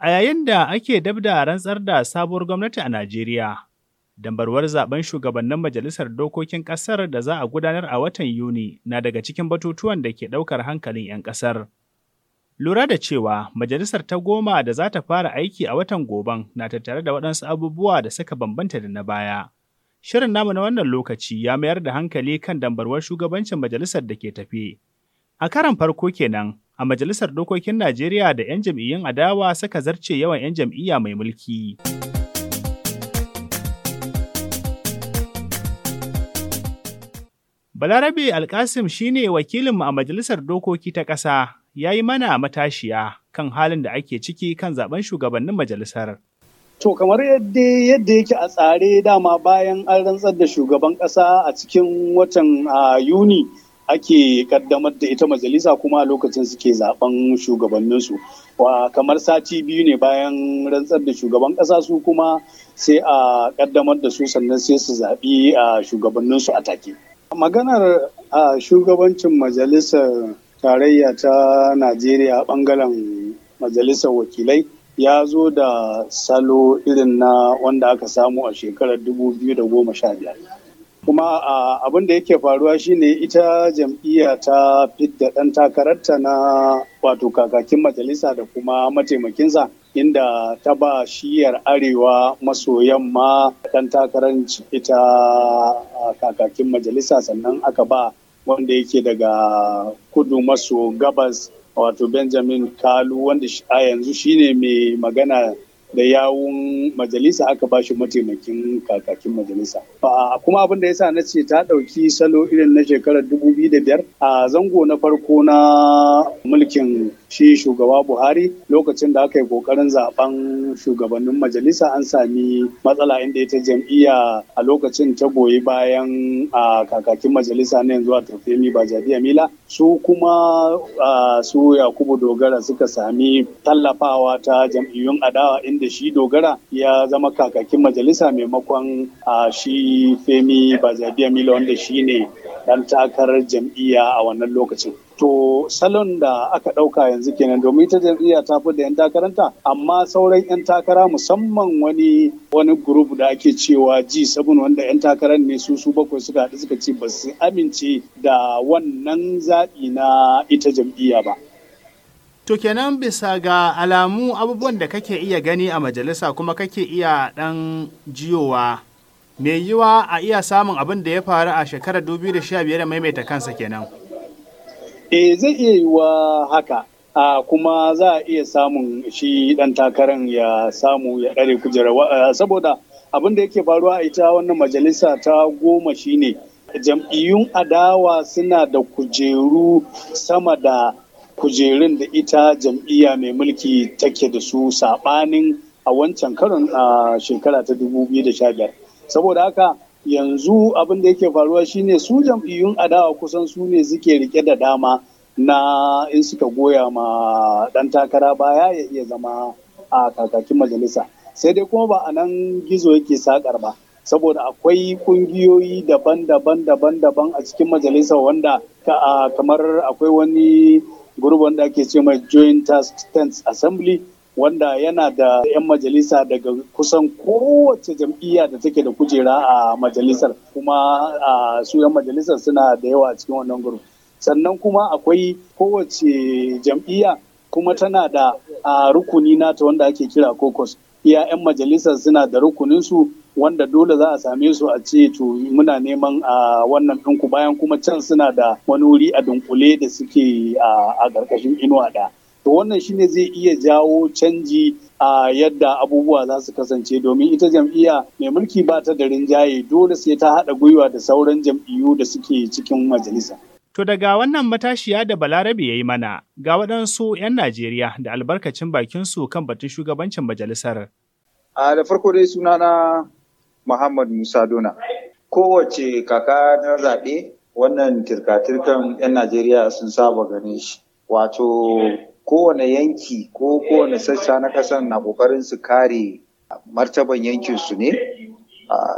A yayin da ake dab da rantsar da sabuwar gwamnati a Najeriya, dambarwar zaben shugabannin Majalisar Dokokin Ƙasar da za a gudanar a watan Yuni na daga cikin batutuwan da ke ɗaukar hankalin 'yan ƙasar. Lura da cewa majalisar ta goma da za ta fara aiki a watan goban na tattare da waɗansu abubuwa da suka bambanta da na baya. Shirin namu na wannan lokaci ya mayar da hankali kan dambarwar shugabancin majalisar da ke tafi. A karan farko kenan, a Majalisar Dokokin Najeriya da 'yan jam'iyyun adawa saka zarce yawan 'yan jam'iyya mai mulki. Balarabe Alkasim shine wakilinmu a Majalisar Dokoki ta ƙasa ya yi mana matashiya kan halin da ake ciki kan zaben shugabannin majalisar. To kamar yadda yadda yake a tsare dama bayan an rantsar da shugaban ƙasa a cikin watan ah, Yuni. ake kaddamar da ita majalisa kuma lokacin suke zaben shugabanninsu wa kamar sati biyu ne bayan rantsar da shugaban ƙasa su kuma sai a kaddamar da su sannan sai su zaɓi a shugabanninsu a take maganar a shugabancin majalisar tarayya ta najeriya bangaren majalisar wakilai ya zo da salo irin na wanda aka samu a shekarar 2015 kuma abin da yake faruwa shine ita jam'iyya ta fidda ɗan takararta na wato kakakin majalisa da kuma mataimakinsa inda ta ba shiyar arewa maso yamma ɗan takarar ita kakakin majalisa sannan aka ba wanda yake daga kudu maso gabas wato benjamin kalu wanda a yanzu shine mai magana da yawun majalisa aka ba shi mataimakin kakakin majalisa. Kuma abin da ya sa na ce ta ɗauki salo irin na shekarar 2005 a zango na farko na mulkin shi shugaba Buhari lokacin da aka yi kokarin zaben shugabannin majalisa an sami matsala inda ita jam'iyya a lokacin ta goyi bayan a kakakin majalisa na yanzu a Tafemi Bajadiya Mila su kuma su Yakubu Dogara suka sami tallafawa ta jam'iyyun adawa da shi dogara ya zama kakakin majalisa maimakon a shi femi bazabiya miliyan wanda shi ne dan takarar jam'iyya a wannan lokacin to salon da aka ɗauka yanzu kenan domin ita jam'iyya ta fi da 'yan takaranta amma sauran 'yan takara musamman wani wani grup da ake cewa g7 wanda 'yan takarar ne su su bakwai suka haɗu suka ce ba su amince da wannan zaɓi na ita jam'iyya ba To kenan bisa ga alamu abubuwan da kake iya gani a majalisa kuma kake iya ɗan jiyowa mai yiwa a iya samun abin da ya faru a shekarar 2015 da maimaita kansa kenan. E zai iya yiwa haka kuma za a iya samun shi ɗan takarar ya samu ya ɗare kujera eh, saboda abin da yake faruwa a ita wannan majalisa ta goma shine jam'iyyun adawa suna da kujeru sama da kujerun da ita jam'iyya mai mulki take da su saɓanin a wancan karin a shekara ta 2015 saboda haka yanzu abin da yake faruwa shine su jam'iyyun adawa kusan su ne suke rike da dama na in suka goya ma ɗan takara baya ya iya zama a kakakin majalisa sai dai kuma ba a nan gizo yake sakar ba saboda akwai ƙungiyoyi daban-daban daban-daban a cikin majalisa wanda kamar akwai wani gurbi wanda ake ce mai joint task tense assembly wanda yana da 'yan majalisa daga kusan kowace jam'iyya da take da kujera a majalisar kuma a su 'yan majalisar suna da yawa a cikin wannan gurbi sannan kuma akwai kowace jam'iyya kuma tana da rukuni nata wanda ake kira kokos iya 'yan majalisar suna da rukuninsu wanda dole za a same su a ce to muna neman a wannan ɗinku bayan kuma can suna da wani wuri a dunkule da suke a ƙarƙashin inuwa da, To wannan shine zai iya jawo canji a yadda abubuwa za su kasance domin ita jam'iyya mai mulki ba ta da rinjaye dole sai ta haɗa gwiwa da sauran jam'iyyu da suke cikin majalisa. To daga wannan matashiya da Balarabe ya yi mana ga waɗansu 'yan Najeriya da albarkacin bakin su kan batun shugabancin majalisar. A da farko dai sunana Muhammad Musa Dona. Kowace kaka na zaɓe wannan tirka-tirkan 'yan Najeriya sun saba gane shi. Wato kowane yanki ko kowane sassa na kasan na ƙoƙarin su kare martaban yankinsu ne.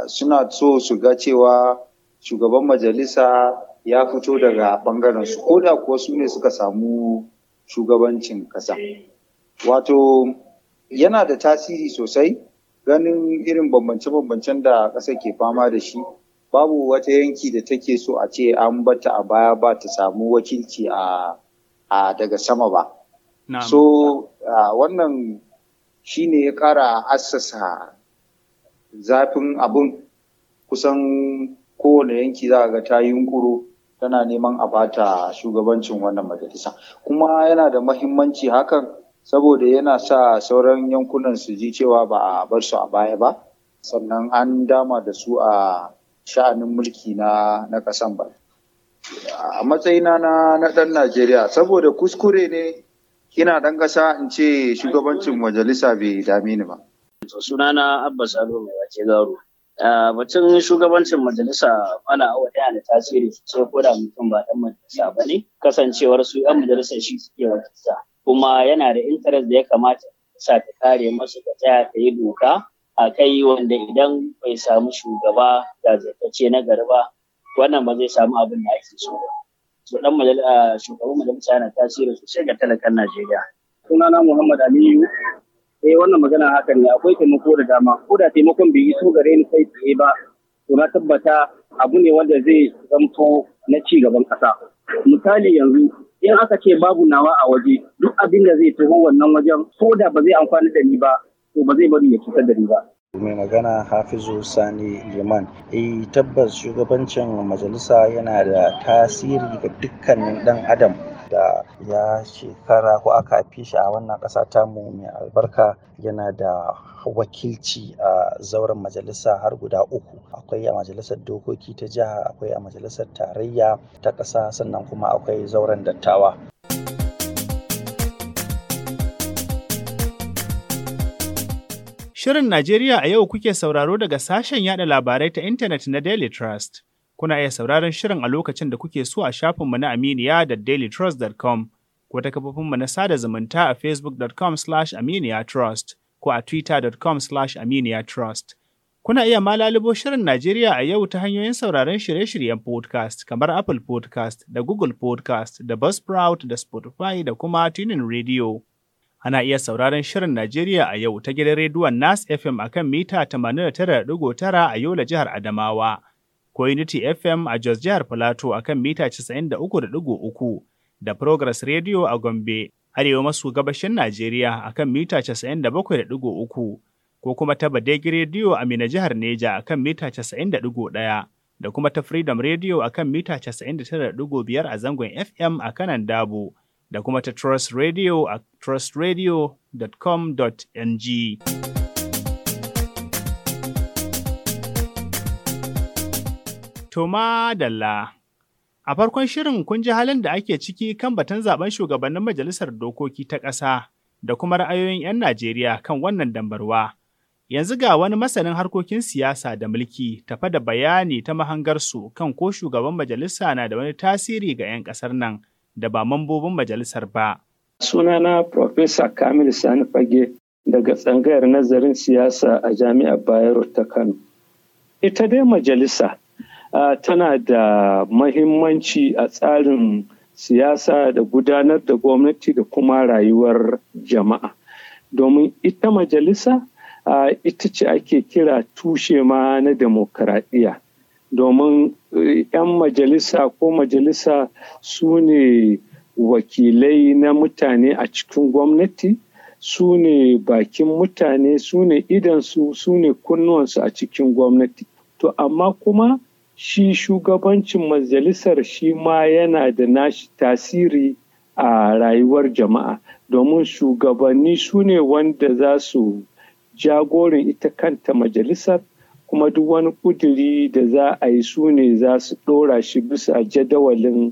Suna so su ga cewa shugaban majalisa ya fito daga ɓangaren su ko da kuwa su ne suka samu shugabancin ƙasa. Wato yana da tasiri sosai ganin irin bambance-bambancen da ƙasa ke fama da shi babu wata yanki da take so a ce an bata a baya ba ta samu wakilci a daga sama ba. So wannan shi ne ya ƙara assasa zafin abun kusan kowane yanki za ga ta yunkuro tana neman a bata shugabancin wannan majalisa. Kuma yana da mahimmanci hakan saboda yana sa sauran yankunan su ji cewa ba a bar su a baya ba sannan an dama da su a sha'anin mulki na na kasan ba a matsayina na na dan Najeriya saboda kuskure ne ina dan kasa in ce shugabancin majalisa bai dame ni ba sunana Abbas Alu mai wace garo batun shugabancin majalisa ana awa ɗaya da tasiri sosai ko da mutum ba dan majalisa ba ne kasancewar su 'yan Majalisa shi suke wakilta kuma yana da interest da ya kamata sa ta kare masu ta tsaya ta yi doka a kai wanda idan bai samu shugaba da zartace na garba wannan ba zai samu abin da ake so ba. So dan shugaban majalisa yana tasiri sosai ga talakan Najeriya. Sunana Muhammad Aliyu eh wannan magana haka ne akwai taimako da dama ko da taimakon bai so gare ni kai tsaye ba to na tabbata abu ne wanda zai zamto na ci gaban ƙasa misali yanzu in aka ce babu nawa a waje duk abin da zai taho wannan wajen ko da ba zai amfani da ni ba to ba zai bari ya cutar da ni ba mai magana hafizu sani liman eh tabbas shugabancin majalisa yana da tasiri ga dukkanin ɗan adam da ya shekara ko aka haife shi a wannan ƙasa tamu mai albarka yana da wakilci a zauren majalisa har guda uku akwai a majalisar dokoki ta jiha akwai a majalisar tarayya ta ƙasa sannan kuma akwai zauren dattawa Shirin Najeriya a yau kuke sauraro daga sashen yada labarai ta intanet na Daily Trust. Kuna iya sauraron shirin a lokacin da kuke so a shafinmu na Aminiya da dailytrust.com ko ta kafofinmu na sada zumunta a facebook.com slash aminiyatrust ko a twitter.com slash aminiyatrust. Kuna iya ma lalubo shirin Najeriya a yau ta hanyoyin sauraron shirye-shiryen podcast kamar Apple podcast da Google podcast da Buzzsprout da Spotify da kuma Tunin Radio. Ana iya sauraron shirin Najeriya a yau ta gidan rediyon Nas FM akan mita 89.9 a Yola jihar Adamawa ko FM a Jos Jihar Filato a kan mita 93.3 da Progress Radio a Gombe, Arewa maso gabashin Najeriya a kan mita 97.3 ko kuma ta Badegi Radio a Mina Jihar Neja a kan mita 90.1 da kuma ta Freedom Radio a kan mita 99.5 a zangon FM a kanan Dabo da kuma ta Trust Radio a trustradio.com.ng. To Dalla. A farkon shirin kun ji halin da ake ciki kan batun zaben shugabannin Majalisar Dokoki ta ƙasa da kuma ra'ayoyin 'yan Najeriya kan wannan dambarwa. Yanzu ga wani masanin harkokin siyasa da mulki tafa da bayani ta mahangarsu kan ko shugaban majalisa na da wani tasiri ga 'yan ƙasar nan da ba mambobin majalisar ba. Sunana Profesa Kamil Sani Fage daga tsangayar nazarin siyasa a Jami'ar Bayero ta Kano. Ita dai majalisa Ah, tana da mahimmanci a tsarin siyasa da gudanar da gwamnati da kuma rayuwar jama'a domin ita majalisa ah, ita ce ake kira tushe ma na demokaradiyya domin eh, 'yan majalisa ko majalisa su ne wakilai na mutane a cikin gwamnati su ne bakin mutane su ne idansu su ne kunnuwansu a cikin gwamnati to amma kuma shi shugabancin majalisar shi ma yana da nashi tasiri a rayuwar jama'a domin shugabanni su ne wanda za su jagorin ita kanta majalisar kuma duk wani kuduri da za a yi su ne za su ɗora shi bisa jadawalin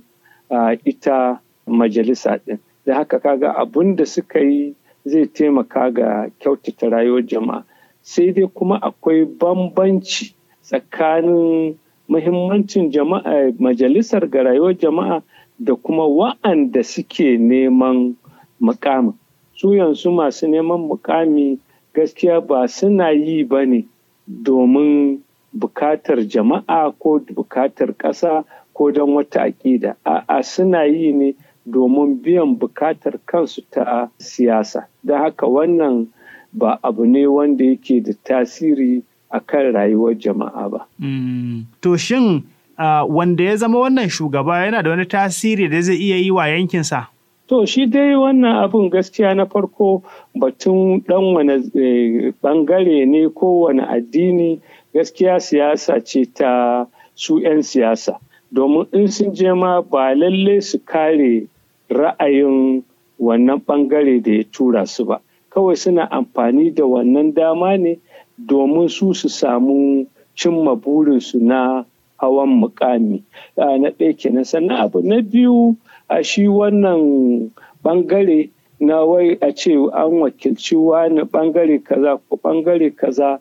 ita majalisa ɗin da haka kaga abun da suka yi zai taimaka ga kyautata rayuwar jama'a sai dai kuma akwai bambanci tsakanin muhimmancin jama'a majalisar ga rayuwar jama'a da kuma wa'anda suke neman mukami su yanzu masu neman mukami gaskiya ba suna yi ba ne domin bukatar jama'a ko bukatar ƙasa ko don wata aƙida a'a suna yi ne domin biyan bukatar kansu ta siyasa don haka wannan ba abu ne wanda yake da tasiri a kan rayuwar jama'a ba. Mm. To shin wanda ya zama wannan shugaba yana da wani tasiri da zai iya yi wa yankinsa? To shi dai wannan abun gaskiya na farko batun ɗan wani bangare eh, ne ko wani addini gaskiya siyasa ce ta su 'yan siyasa. Domin in sun je ma ba lalle su kare ra'ayin wannan bangare da ya tura su ba. Kawai suna amfani da wannan dama ne. domin su su samu cimma burinsu na hawan mukami na ɗaya kenan sannan abu na biyu a shi wannan bangare na wai a ce an wakilci wani bangare kaza ko bangare kaza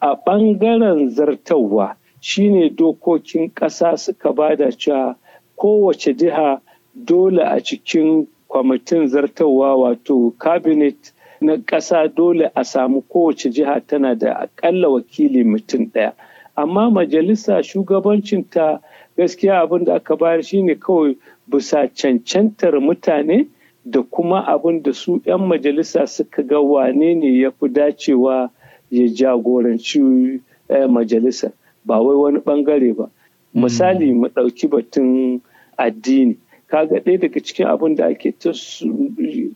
a bangaren zartawa shine dokokin ƙasa suka bada cewa kowace jiha dole a cikin kwamitin zartawa wato cabinet na ƙasa dole a samu kowace jiha tana da aƙalla wakili mutum ɗaya amma majalisa shugabancinta gaskiya abin da aka bayar shine kawai bisa cancantar mutane da kuma abin da su 'yan majalisa suka ga wane ne ya fi dacewa ya jagoranci eh, majalisa ba wai wani bangare ba hmm. misali mu ɗauki batun addini kaga ɗaya daga cikin abin da ake ta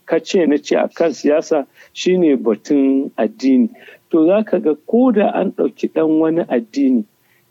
kace na ce a kan siyasa shine batun addini to za ka ga ko da an ɗauki ɗan wani addini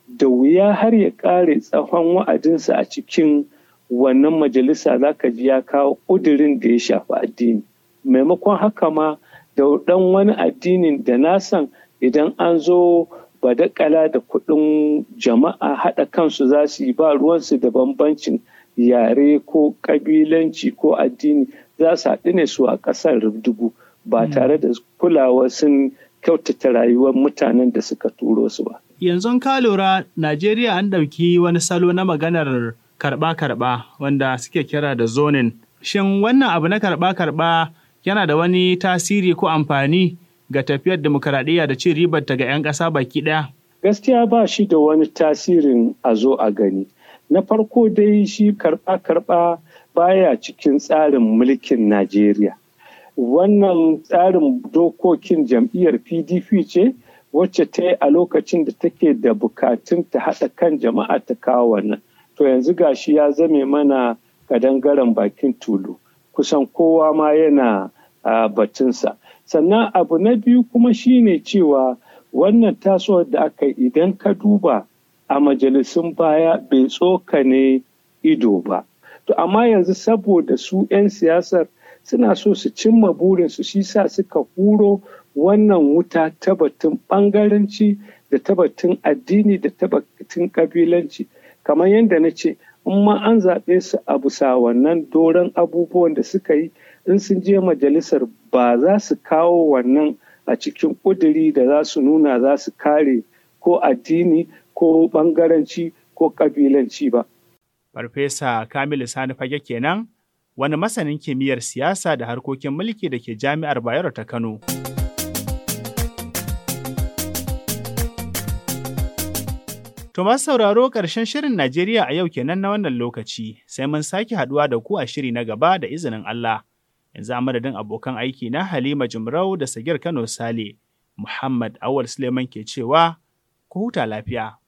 da wuya har ya ƙare tsawon wa'adinsa a cikin wannan majalisa za ka ji ya kawo ƙudurin da ya shafi addini maimakon haka ma da ɗan wani addini da na san idan an zo badakala da kuɗin jama'a haɗa kansu za su yi ba ruwansu da bambancin yare ko ƙabilanci ko addini za su haɗu ne su a ƙasar rubdugu ba hmm. tare da kulawa sun kyautata rayuwar mutanen da suka turo su ba. Yanzu ka lura Najeriya an ɗauki wani salo na maganar karɓa-karɓa wanda suke kira da zonin. Shin wannan abu na karɓa-karɓa yana da wani tasiri ko amfani ga tafiyar demokaradiyya da cin ribar ta ga 'yan ƙasa baki ɗaya? Gaskiya ba shi da wani tasirin a zo a gani. na farko dai shi karɓa-karɓa baya cikin tsarin mulkin najeriya wannan tsarin dokokin jam'iyyar pdp ce wacce ta yi a lokacin da take da bukatun ta haɗa kan jama'a ta kawo wannan to yanzu gashi ya zame mana kadangaren bakin tulu kusan kowa ma yana batunsa sannan abu na biyu kuma shine cewa wannan tasowar da aka idan ka duba a majalisun baya bai tsoka ne ido ba to amma yanzu saboda su 'yan siyasar suna so su cimma burinsu shi sa suka huro wannan wuta ta batun ɓangaranci da ta batun addini da ta batun ƙabilanci kamar yadda na ce in ma an zaɓe su a bisa wannan doron abubuwan da suka yi in sun je majalisar ba za su kawo wannan a cikin ƙuduri da za su nuna za su kare ko addini ko ɓangaranci ko kabilanci ba. Farfesa Kamilu Sani Fage kenan wani masanin kimiyyar siyasa da harkokin mulki da ke jami'ar Bayero ta Kano. Tumar sauraro ƙarshen shirin Najeriya a yau kenan na wannan lokaci, sai mun sake haɗuwa da ku a shiri na gaba da izinin Allah. Yanzu a madadin abokan aiki na Halima Jumrau da Sagir Kano Sale, Muhammad Awal Suleiman ke cewa, ku huta lafiya.